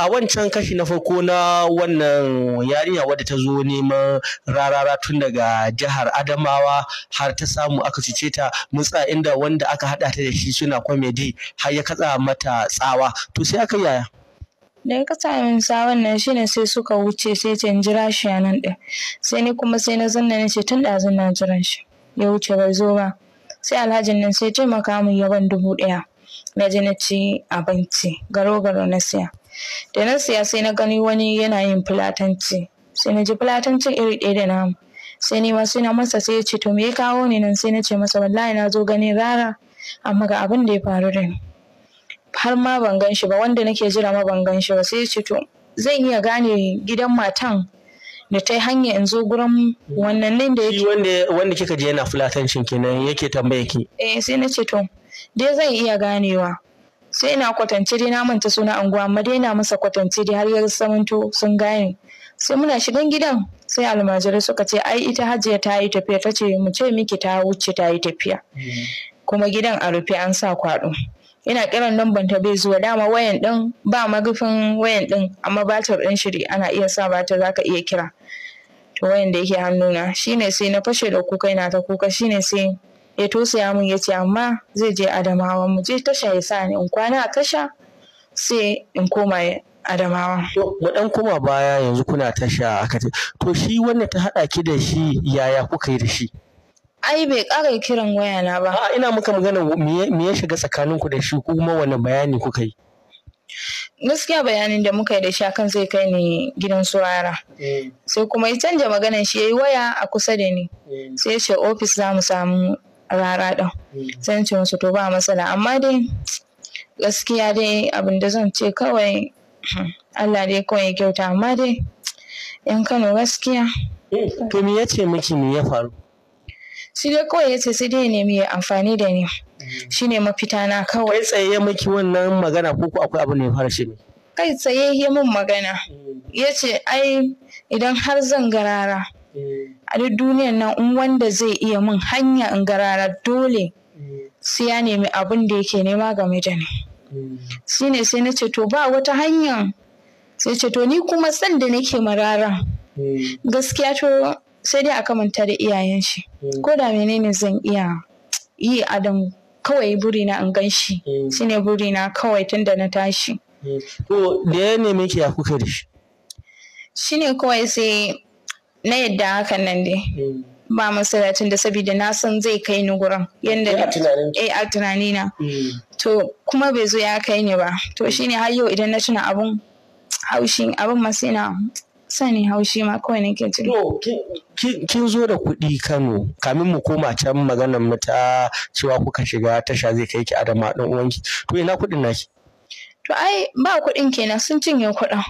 a wancan kashi na farko na wannan yarinya wadda ta zo neman rarara tun daga jihar Adamawa har ta samu aka cuce ta mun inda wanda aka hada ta da shi suna kwamedi har ya katsa mata tsawa to sai aka yaya da ya kasa min sawan nan ne sai suka wuce sai can jira shi a nan ɗin sai ni kuma sai na zanna na ce tun zan na jiran shi ya wuce bai zo ba sai alhajin nan sai taimaka min yawan dubu ɗaya na je na ci abinci garo garo na siya da na siya sai na gani wani yana yin fulatanci sai na ji filatancin iri ɗaya da namu sai ni ma suna masa sai ya ce to me ya kawo ni nan sai na ce masa wallahi na zo ganin rara amma ga abin da ya faru da ni har ma ban gan shi ba wanda nake jira ma ban gan shi ba sai ya ce to zan iya gane gidan matan da ta hanya in zo gurin wannan nan da yake wanda wanda kika je yana filatancin kenan yake tambaye ki eh sai na ce to dai zan iya ganewa sai ina kwatance dai na manta suna anguwa amma dai ina masa kwatance dai har ya samanto sun gane sai muna shigan gidan sai almajirai suka ce ai ita hajiya ta yi tafiya ta ce mu ce miki ta wuce ta yi tafiya hmm. kuma gidan a rufe an sa kwaɗo ina kiran lamban ta bai zuwa dama wayan din ba magufin wayan din amma batar din shiri ana iya sa batar zaka iya kira to wayan da yake hannuna shine sai na fashe da kuka ina ta kuka shine sai ya tosaya mun ya ce amma zai je adamawa mu je tasha ya sa ni in kwana a tasha sai in koma adamawa. Mu dan koma baya yanzu kuna tasha aka to shi wanda ta haɗa ki da shi yaya kuka yi da shi? Ai bai ƙara kiran wayana ba. A'a ina muka magana me ya shiga tsakanin ku da shi kuma wani bayani kuka yi? Gaskiya bayanin da muka yi da shi akan zai kai ni gidan su rara. Eh. Sai kuma ya canja maganan shi ya yi waya a kusa da ni. Eh. Sai ya ce ofis za mu samu rara ɗin mm. sai ce musu to ba matsala amma dai gaskiya dai abin da zan ce kawai Allah dai kawai ya kyauta amma dai yan Kano gaskiya. Mm. To me ya ce miki me ya faru? Shi dai kawai ya ce sai dai ne mai amfani da ni. Mm. Shi ne mafita na kawai. Kai tsaye miki wannan magana ko akwai abu ne ya fara shi Kai tsaye ya min magana. Ya ce ai idan har zan garara a duk duniyan nan in wanda zai iya min hanya in garara dole sai ya nemi abin da yake nema game da ni shine sai na ce to ba wata hanya sai ce to ni kuma san da nake marara gaskiya to sai dai aka manta da iyayen shi ko da menene zan iya yi adam kawai na in gan shi shine na kawai tun da na tashi to da ya nemi ki ya kuka da shi shine kawai sai na yadda hakan nan dai hmm. ba masalacin da saboda na san zai kai ni gurin yadda eh, a tunanina hmm. to kuma bai zo ya kai ni ba to hmm. shine har yau idan na tuna abun haushi abun masu yana sani haushi ma kawai nake ke To kin zo da kuɗi Kano kamin mu koma can maganar mu ta cewa kuka shiga tasha zai kai ki Adama dan uwanki. To ina kuɗin naki? To ai ba kuɗin kenan sun cinye kuɗin.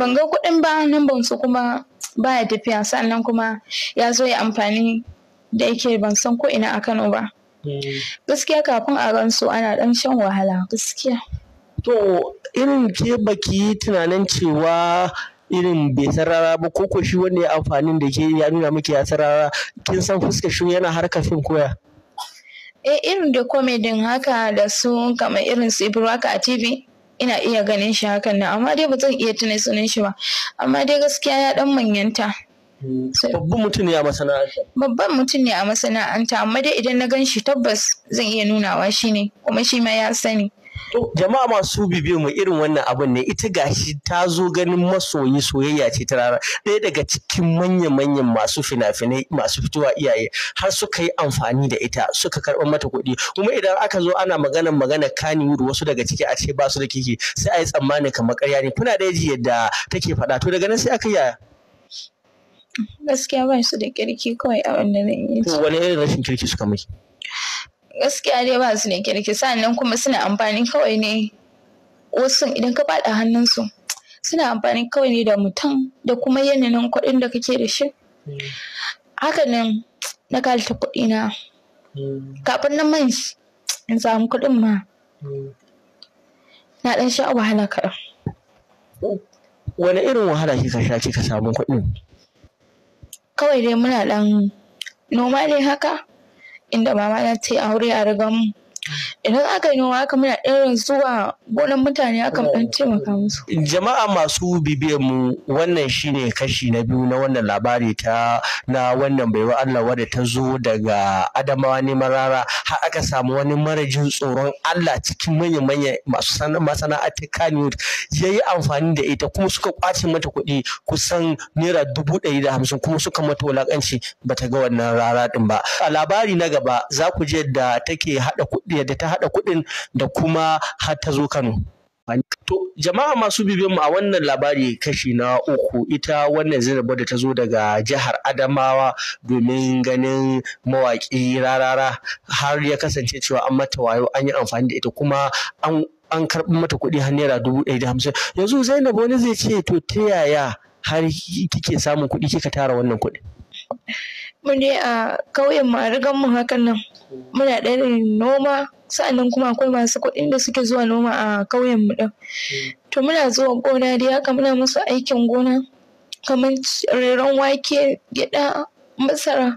Ban ga kuɗin ba nan ban su kuma baya tafiya sannan kuma ya zo ya amfani da yake ban san ko ina a Kano ba hmm. gaskiya kafin a ransu ana dan shan wahala gaskiya to irin ke baki tunanin cewa irin bai sarara ba ko ko shi wanda ya amfanin da ke ya nuna miki ya sarara kin san fuskar shi yana harka fin koya eh irin da komedin haka da su kamar irin su Ibrahim a tv ina iya ganin shi hakan nan amma dai ba zan iya tunai sunan shi ba amma dai gaskiya ya dan manyanta hmm, babban mutum ne a masana'anta babban mutum ne a masana'anta amma dai idan na gan shi tabbas zan iya nunawa shi ne kuma shi ma ya sani To jama'a masu bibiyar mu irin wannan abin ne ita gashi ta zo ganin masoyi soyayya ce ta rara ɗaya daga cikin manya-manyan masu fina-finai masu fitowa iyaye har suka yi amfani da ita suka karɓar mata kuɗi kuma idan aka zo ana magana magana wuri wasu daga ciki a ce ba su da kiki sai a yi tsammanin kamar ƙarya ne kuna da yaji yadda take faɗa to daga nan sai aka yaya gaskiya ba su da kirki kawai a wannan wani irin rashin kirki suka miki gaskiya dai ba su da kirki sannan kuma suna amfani kawai ne wasu idan ka faɗa hannunsu suna amfani kawai ne da mutum da kuma yanayin kuɗin da kake da shi haka nan na kalta kuɗi na kafin na man in samu kuɗin ma na ɗan sha wahala kaɗan wani irin wahala kika sha ka samu kuɗin kawai dai muna ɗan noma ne haka inda mama na tayi aure a rigamu. idan aka yi noma haka muna irin zuwa gonan mutane haka mu dan taimaka musu jama'a masu bibiyar mu wannan shine kashi na biyu na wannan labari ta na wannan baiwa Allah wadda ta zo daga Adamawa ne marara har aka samu wani marajin tsoron Allah cikin manya-manya masu masana'antar ya yayi amfani da ita kuma suka kwace mata kuɗi kusan naira dubu ɗari da hamsin kuma suka mata wulaƙanci ta ga wannan rara ɗin ba a labari na gaba za ku je da take haɗa kuɗi cibiyar da ta haɗa kuɗin da kuma har ta zo Kano. To jama'a masu bibin mu a wannan labari kashi na uku ita wannan zinabar da ta zo daga jihar Adamawa domin ganin mawaƙi rarara har ya kasance cewa an mata wayo an yi amfani da ita kuma an an karɓi mata kuɗi har naira dubu ɗaya da hamsin yanzu Zainab wani zai ce to ta yaya har kike samun kuɗi kika tara wannan kuɗi. mun dai a kauyen mu a rigan mu hakan nan muna ɗarin noma sa'annan kuma akwai masu kuɗin da suke zuwa noma a kauyen mu ɗin to muna zuwa gona dai haka muna musu aikin gona kamar reron wake gyaɗa masara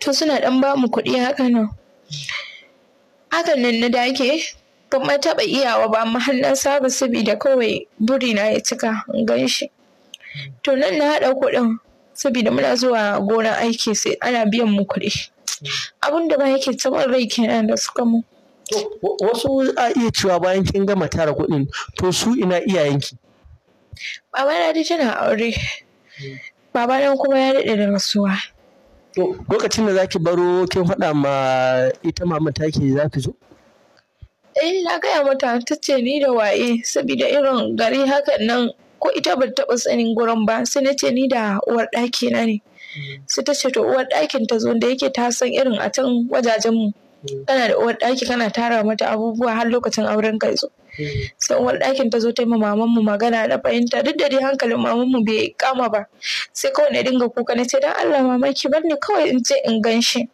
to suna ɗan ba mu kuɗi haka nan hakan nan na dake ban ma taɓa iyawa ba amma har na saba saboda kawai burina ya cika in ganshi. to nan na haɗa kuɗin saboda muna zuwa gona aiki sai ana biyan mu kuɗi abin da ba yake tsawon rai kenan da suka mu wasu a iya cewa bayan kin gama tara kuɗin to su ina iyayenki Baba na dai tana aure babana kuma ya daɗe da rasuwa to lokacin da zaki baro kin faɗa ma ita maman take za ki zo eh na gaya mata ta ce ni da waye saboda irin gari hakan nan ko ita ba taɓa sanin gurin ba sai na ce ni da uwar ɗaki na ne mm. sai ta ce to uwar ɗakin ta zo da yake ta san irin a can wajajen mu kana mm. da uwar ɗaki kana tara mata abubuwa har lokacin auren ka zo mm. sai uwar ɗakin ta zo ta yi ma maman mu magana da fahimta duk da dai hankalin maman mu bai kama ba sai kawai na dinga kuka na ce dan Allah mama ki bar ni kawai in je in gan shi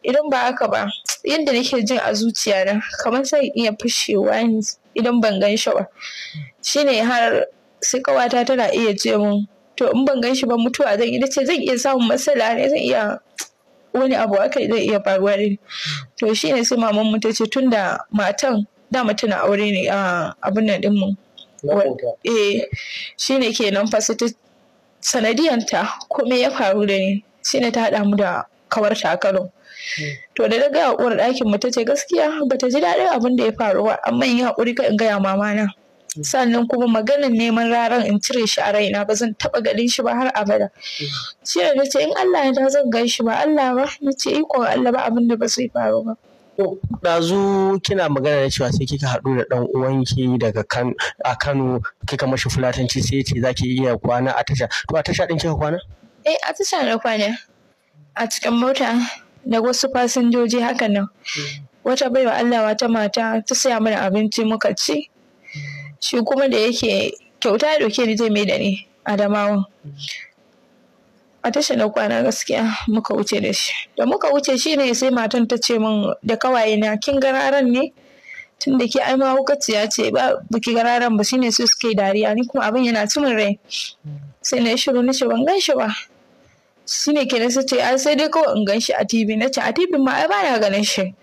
idan ba haka ba yadda nake jin a zuciya na kamar sai iya fashewa idan ban gan ba shine har sai kawata tana iya ce mun to in ban ganshi ba mutuwa zan yi ce zan iya samun matsala ne zan iya wani abu haka zai iya faruwa ne to shine sai maman mu tace tunda matan da dama na aure ne a abun nan din mu eh shine kenan fa sai ta sanadiyanta komai ya faru da ni shine ta haɗa mu da kawar a hmm. to da daga uwar ɗakin mu tace gaskiya bata ji daɗin abin da ya faru ba amma in haƙuri ka in gaya mama na sannan kuma maganin neman raran in cire shi a raina ba zan taba ganin shi ba har abada jiya na ce in Allah ya zan gan shi ba Allah ba na ce iko Allah ba abin da ba zai faru ba ɗazu kina magana da cewa sai kika haɗu da ɗan uwanki daga kan a Kano kika mashi fulatanci sai ce zaki iya kwana a tasha to a tasha ɗin kika kwana eh a tasha na kwana a cikin mota da wasu fasinjoji hakan nan wata baiwa Allah wata mata ta saya mana abinci muka ci shi kuma da yake kyauta ya ɗauke ni zai mai da ni adamawan a tasha na kwana gaskiya muka wuce da shi da muka wuce shi ne sai matan ta ce min da kawaye na kin gararan ne tun da ke ai ya ce ba buki gararan ba shine su suke dariya ni kuma abin yana cimin rai sai na shiru na ce ban gan shi ba shine ke na ce sai dai kawai in gan shi a tv na ce a tv ma ai ba na ganin shi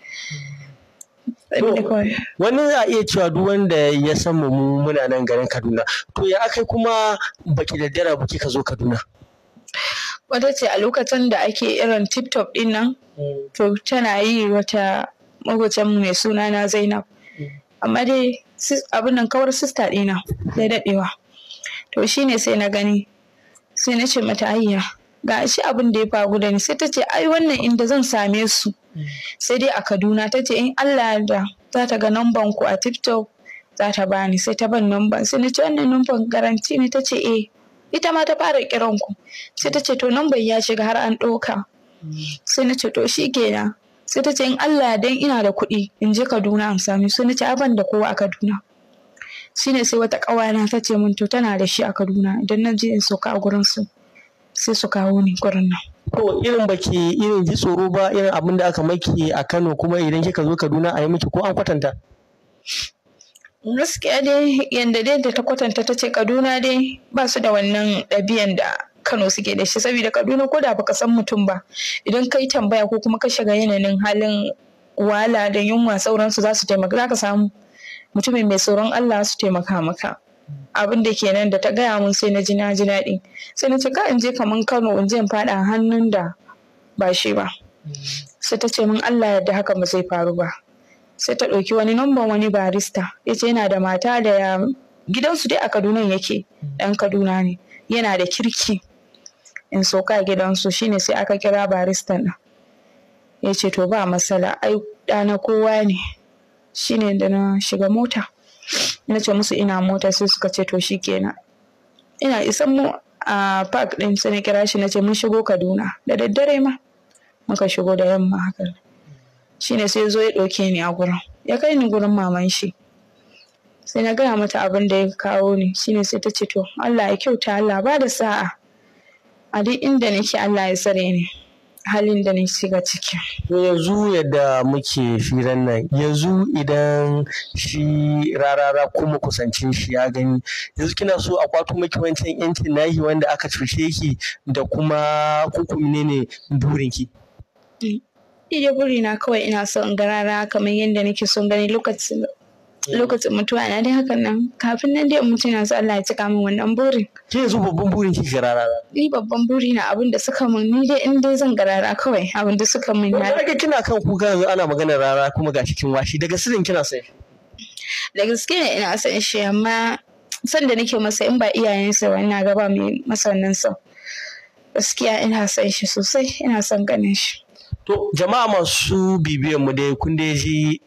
wani za a iya cewa duk wanda ya san mu muna nan garin Kaduna to ya akai kuma baki da dara buki ka zo Kaduna wata ce a lokacin da ake irin tiktok top din nan mm. to tana yi wata magocan mu mai suna na Zainab mm. amma dai abin nan kawar sista dina da dadewa to shine sai na gani sai na ce mata ayya ga shi abin da ya faru da ni sai ta ce ai wannan inda zan same su mm. sai dai a kaduna ta ce in allah da za ta ga numban ku a tiktok za ta bani sai ta ban numban. sai na ce wannan numban garanti ne ta ce eh ita ma ta fara kiran ku sai ta ce to numban ya shiga har an ɗauka mm. sai na ce to shi kenan sai ta ce in allah dan ina da kuɗi in je kaduna in same su na ce aban da kowa a kaduna shine sai wata ƙawana ta ce min to tana da shi a kaduna idan na je in sauka a gurin su sai su kawo ni gurin nan to irin baki irin ji tsoro ba irin abin da aka maki a Kano kuma idan kika zo Kaduna a yi miki ko an kwatanta gaskiya dai yanda dai da ta kwatanta ta ce Kaduna dai ba su da wannan ɗabi'an da Kano suke da shi saboda Kaduna ko da baka san mutum ba idan kai tambaya ko kuma ka shiga yanayin halin wala da yunwa sauransu za su taimaka za ka samu mutumin mai tsoron Allah su taimaka maka abin da kenan da ta gaya mun sai na ji na ji daɗi sai na ce ka in je kaman kano in je in faɗa hannun da ba shi ba sai ta ce mun allah yadda haka ba zai faru ba sai ta ɗauki wani numban wani barista ya ce yana da mata da ya gidansu dai a kaduna yake ɗan kaduna ne yana da kirki in soka gidansu shine sai aka kira baristan ɗin ya ce to ba masala ai ɗana kowa ne shine da na shiga mota na ce musu ina mota sai suka ce to shi kenan. ina isan mu a park din sai na kira shi na ce mun shigo kaduna da daddare ma muka shigo da yamma haka Shi ne sai zo ya ɗauke ni a gurin ya kai ni gurin maman shi sai na gaya mata abin da ya kawo ni Shi ne sai ta ce to Allah ya kyauta Allah ba da sa'a a duk inda nake Allah ya tsare ni halin da na shiga ciki. To yanzu yadda muke firan nan yanzu idan shi rarara kuma kusancin shi ya gani yanzu kina so a kwato maki wancan yancin nahi wanda aka cuce ki da kuma kukumine ne burin ki. Eh, iya burina kawai ina so in ga rara kamar yadda nake son gani lokacin lokacin mutuwa na dai hakan nan kafin nan dai mutum na so Allah ya cika min wannan burin ke yanzu babban burin ki garara ni babban buri na abin da suka min ni dai in dai zan garara kawai abin da suka min na daga kina kan kuka yanzu ana magana rara kuma ga cikin washi daga sirrin kina sai da gaske ne ina son shi amma san da nake masa in ba iyayensa wani na gaba mai masa wannan gaskiya ina son shi sosai ina son ganin shi to jama'a masu bibiyan mu dai kun dai ji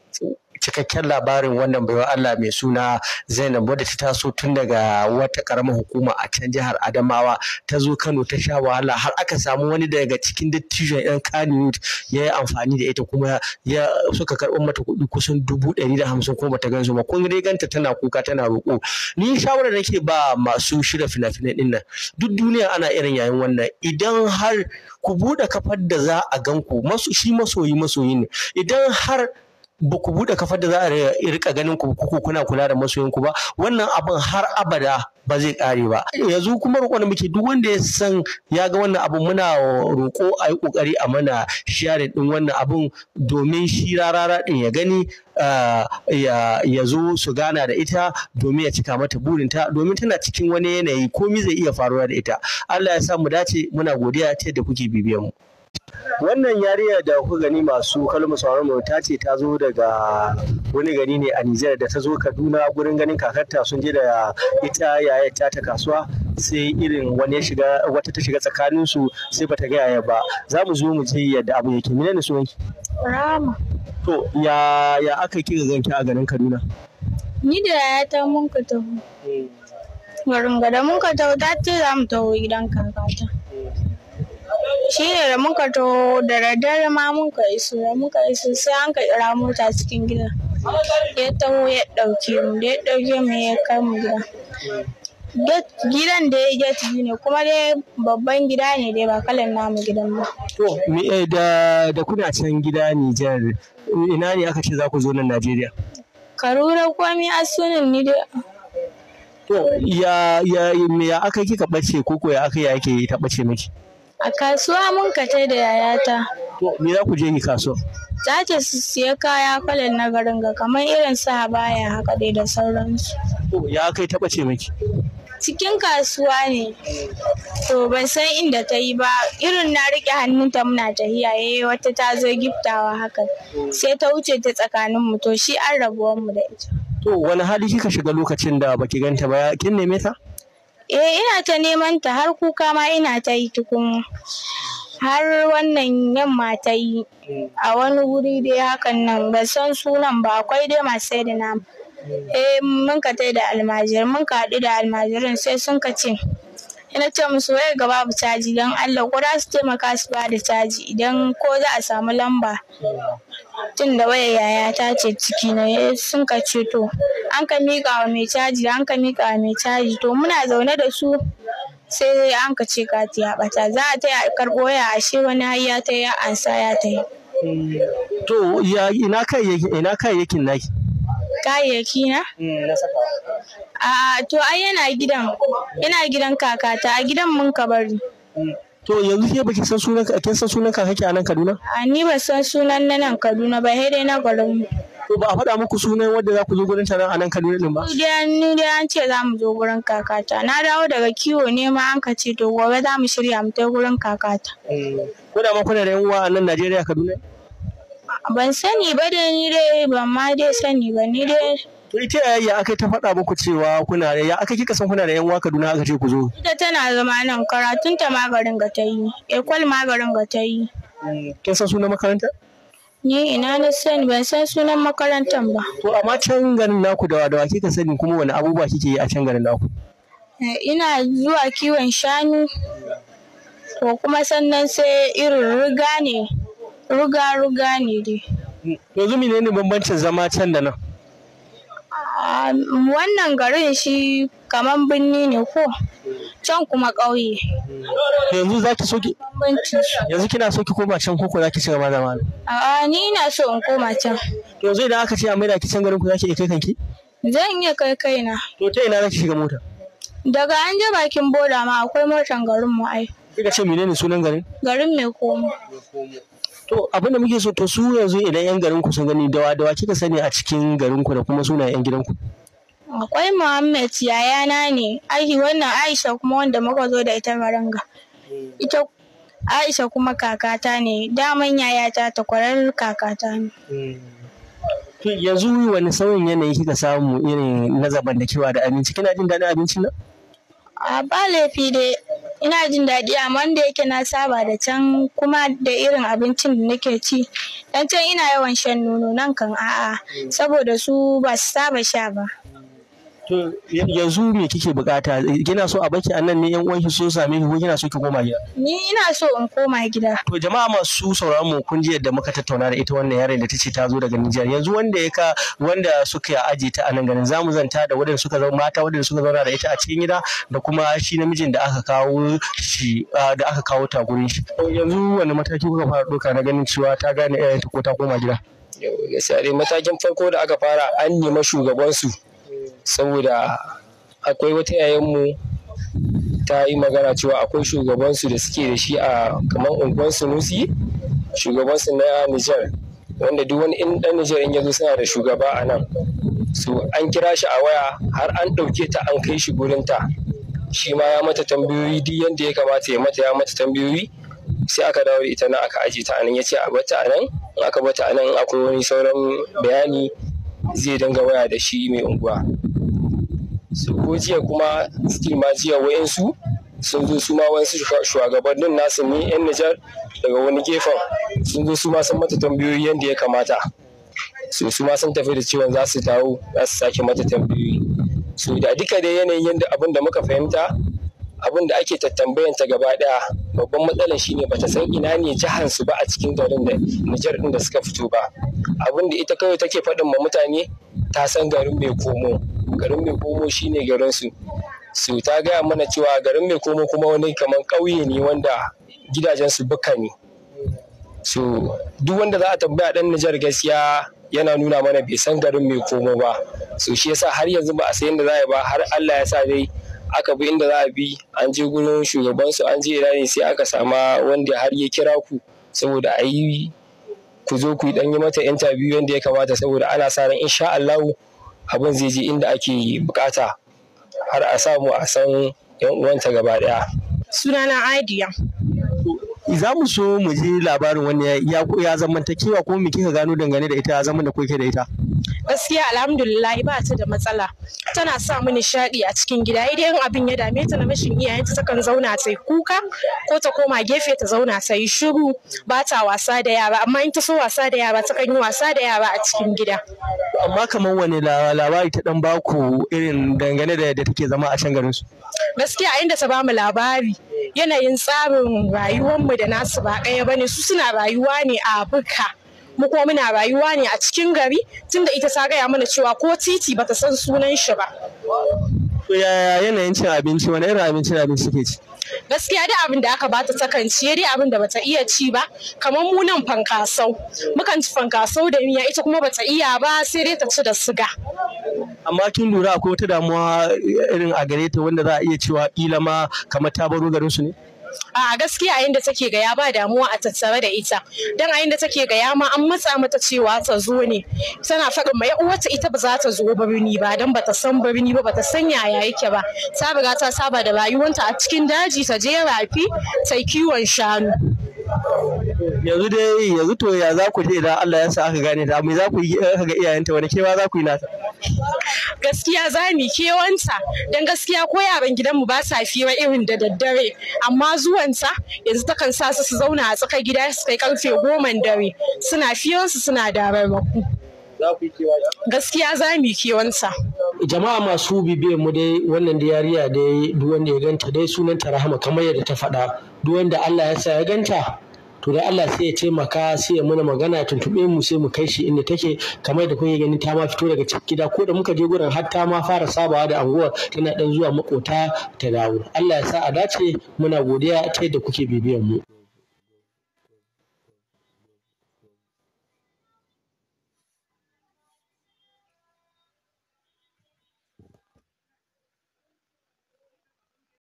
cikakken labarin wannan baiwa Allah mai suna Zainab wadda ta taso tun daga wata karamar hukuma a can jihar Adamawa ta zo Kano ta sha wahala har aka samu wani daga cikin dattijon yan Kano ya yi amfani da ita kuma ya suka karɓo mata kuɗi kusan dubu ɗari da hamsin kuma bata gansu ma. kun dai ganta tana kuka tana roƙo ni shawarar nake ba masu shirya fina-finai ɗin nan duk duniya ana irin yayin wannan idan har ku buɗe kafar da za a gan ku shi masoyi masoyi ne idan har ba ku buɗe kafar da za a rika ganin ku kuku kuna kula da masoyin ku ba wannan abin har abada ba zai ƙare ba yanzu kuma roƙon da muke duk wanda ya san ya ga wannan abin muna roƙo a yi ƙoƙari a mana share ɗin wannan abin domin shi rarara ɗin ya gani eh, ya zo su gana da ita domin ya cika mata burinta domin tana cikin wani yanayi komi zai iya faruwa da ita Allah ya sa mu dace muna godiya ta yadda kuke bibiyan mu wannan yariya da ku gani masu kalmar sauran mu ta ce ta zo daga wani gani ne a Nijar da ta zo Kaduna gurin ganin kakarta sun je da ita yaya ta ta kasuwa sai irin wani ya shiga wata ta shiga tsakanin su sai bata ga yaya ba za mu zo mu ji yadda abu yake mene ne sunanki Rama to ya ya aka kika ganki a garin Kaduna ni da yaya ta mun ka taho eh. garin gada mun ka taho ta ce za mu taho gidan kakata shi ne da muka taho da daddare ma muka iso da muka iso sai an ka kira mota cikin gida ya taho ya ɗauke mu da ya ɗauke mu ya kai mu gida gidan da ya get ne kuma dai babban gida ne dai ba kalan namu gidan ba to eh, da da kuna can gida ne jar ina ne aka ce za ku zo nan Najeriya Karura komi asunin ni dai to ya ya me ya aka kika bace koko ya aka yake ta bace miki A kasuwa mun kace da yayata. To me za ku je ki kasuwa? Za ta siya kaya falal na garin ga kamar irin su habaya haka dai da sauransu. To ya kai taba ce miki? cikin kasuwa ne to ban san inda ta yi ba irin na rike hannunta muna tahiya yayi eh, wata ta zo giftawa haka sai ta wuce ta tsakanin mu to shi an rabuwar mu da ita to wani hali kika shiga lokacin da baki ganta ba kin neme ta Eh ina ta neman ta har kuka ma ina ta yi tukun har wannan yamma ta yi a wani wuri dai hakan nan ba san sunan ba akwai dai masu sai da nama. Eh mun ka tai da almajirin, mun ka haɗu da almajirin, sai sun ka ce ina ce musu wayar ga babu caji don Allah ko za su taimaka su ba da caji idan ko za a samu lamba tun da wayar yaya ta ce ciki na eh, sun ka ce to an ka miƙa wa mai caji an ka miƙa wa mai caji to muna zaune da su sai an ka ce kati ya za a ta karɓo waya ashe wani har ya ta ya ansa ya ta yi. to ina kayayyakin naki kayayyaki mm, na? A to ai yana gidan, yana gidan kakata, a gidan mun ka bari. Mm. To yanzu ke baki san sunan kin san sunan kakaki a nan Kaduna? A ni ba san sunan na nan Kaduna ba, sai dai na garin mu. To ba a faɗa muku sunan wanda za ku zo gurin taron a nan Kaduna din ba? Ni dai an ce za mu zo gurin kakata. Na dawo daga kiwo ne ma an ka ce to gobe za mu shirya mu tai gurin kakata. Mm. Ko da ma kuna da yan uwa a nan Najeriya Kaduna? ban sani ba da ni dai ban ma dai sani ba ni dai to ita yayya aka ta faɗa muku cewa kuna da ya aka kika san kuna da yan waka duna aka ce ku zo ita tana zama nan karatun ta magarin ga ta yi ekwal magarin ga ta yi mm, kin san sunan makaranta ni ina na san ban san sunan makarantar ba to amma can garin naku da wadawa kika sani kuma wani abubuwa kike yi a can garin naku eh, ina zuwa kiwon shanu to kuma sannan sai irin riga ne ruga-ruga ne dai yanzu menene bambancin zama can da nan wannan garin shi kaman birni ne ko can kuma ƙauye yanzu zaki so ki yanzu kina so ki koma can ko ki ci gaba da mana a'a ni ina so in koma can to yanzu idan aka ce a maida ki can garin ku ki iya kai kanki zan iya kai kaina to ta ina ki shiga mota daga an je bakin boda ma akwai motan garin mu ai kika ce menene sunan garin garin mai komo To abin da muke so to su yanzu idan 'yan garin ku sun gani dawa dawa kika sani a cikin garin ku da kuma suna 'yan gidan ku. Akwai Muhammad yayana ne, aiki wannan Aisha kuma wanda muka zo da ita maranga. Ita Aisha kuma kakata ne, daman yayata ta kwarar kakata ne. To yanzu wani sauyin yanayi kika samu irin na zamantakewa da abinci, kina jin daɗin abincin nan? A ba laifi dai ina jin daɗi amma wanda yake na saba da can kuma da irin abincin da nake ci dan can ina yawan shan nono nan kan a'a saboda su ba su saba sha ba to yanzu me kike bukata kina so a baki annan ne yan uwan ki so same ki ko kina so ki koma gida ni ina so in koma gida to jama'a masu sauraron mu kun ji yadda muka tattauna da ita wannan yarin da tace ta zo daga Nijar yanzu wanda ya ka wanda suka aje ta a nan ganin zamu zanta da wadanda suka zama mata wadanda suka zauna da ita a cikin gida da kuma shi namijin da aka kawo shi da aka kawo ta gurin shi yanzu wani mataki kuka fara doka na ganin cewa ta gane ta eh, ko ta koma gida Yau, gaskiya dai matakin farko da aka fara an nema shugabansu saboda akwai wata yayanmu ta yi magana cewa akwai shugabansu da suke da shi a kamar unguwar sunusi shugabansu na nijar wanda duk wani in dan nijar in yazo suna da shugaba a nan so an kira shi a waya har an ɗauke ta an kai shi gurinta shi ma ya mata tambayoyi duk yadda ya kamata ya mata ya mata tambayoyi sai aka dawo da ita na aka aje ta anan ya ce a bata anan in aka bata anan akwai wani sauran bayani zai dinga waya da shi mai unguwa su ko jiya kuma still ma jiya wa'yansu sun zo su ma shugabannin nasu ne yan Nijar daga wani gefen sun zo su ma sun mata tambayoyi yadda ya kamata so su ma sun tafi da cewa za su dawo za su sake mata tambayoyi so da duka dai yanayin yadda abin da muka fahimta abin da ake tattambayan ta gaba daya babban matsalar shine ba ta san ina ne jihar su ba a cikin garin da Nijar din da suka fito ba abin da ita kawai take faɗin ma mutane ta san garin bai komo garin mai komo shine garin su su ta gaya mana cewa garin mai komo kuma wani kamar ƙauye ne wanda gidajen su buka ne so duk wanda za a tambaya dan Nijar gaskiya yana nuna mana bai san garin mai komo ba so shi yasa har yanzu ba a san yadda za a yi ba har Allah ya sa dai aka bi inda za a bi an je gurin shugaban su an je ina sai aka sama wanda har ya kira ku saboda a yi ku zo ku yi dan yi mata interview yadda ya kamata saboda ana sa ran insha Allah abin zai je inda ake bukata har a samu a san yan uwanta gaba daya sunana aidiya za mu so mu ji labarin wani ya ya kewa ko mu kika gano dangane da ita ya zama da kuke da ita gaskiya alhamdulillah ba ta da matsala tana sa mu nishaɗi a cikin gida idan abin ya dame ta na mashin ta takan zauna ta yi kuka ko ta koma gefe ta zauna ta yi shiru ba ta wasa da yara amma in ta so wasa da yara ta kan yi wasa da yara a cikin gida amma kamar wani labari ta dan baku irin dangane da yadda take zama a can garin su gaskiya inda su mu labari yanayin tsarin rayuwar mu da nasu ba ba ne, su suna rayuwa ne a buka mu ko muna rayuwa ne a cikin gari tunda ita ta gaya mana cewa ko titi bata san sunan shi ba. yaya yanayin cin abinci wani irin abincin abinci suke ci? gaskiya dai abin da aka bata takan ciye dai abin da bata iya ci ba kamar mu nan fankasau mukan ci fankasau da miya ita kuma bata iya ba sai dai ta ci da siga amma kin lura akwai wata damuwa irin a gare ta wanda za a iya cewa kila ma kamar ta baro garin su ne a gaskiya yayin da take gaya ba damuwa a tattare da ita don yayin da take gaya ma an matsa mata cewa ta zo ne tana faɗin mai uwata ita ba za ta zo birni ba dan bata san birni ba bata san yaya yake ba ta riga ta saba da rayuwanta a cikin daji ta je rafi ta kiwon shanu yanzu dai yanzu to ya za ku je idan Allah ya sa aka gane da me za ku yi aka ga iyayenta wani kewa za ku yi nata gaskiya za mu kewanta don gaskiya ko yaran gidanmu ba sa wa irin da daddare amma zuwansa yanzu takan sa su su zauna a tsakar gida su kai karfe goman dare suna su suna dararraku gaskiya za mu wanta. jama'a masu bibiyar mu dai wannan da yariya dai duk wanda ya ganta dai sunanta rahama kamar yadda ta faɗa duk wanda Allah ya sa ya ganta to dai Allah sai ya taimaka sai ya muna magana ya tuntuɓe mu sai mu kai shi inda take kamar da kuke gani ta ma fito daga cikin gida ko da muka je gurin har ta ma fara sabawa da anguwar tana dan zuwa makota ta dawo Allah ya sa a dace muna godiya ta yadda kuke bibiyan mu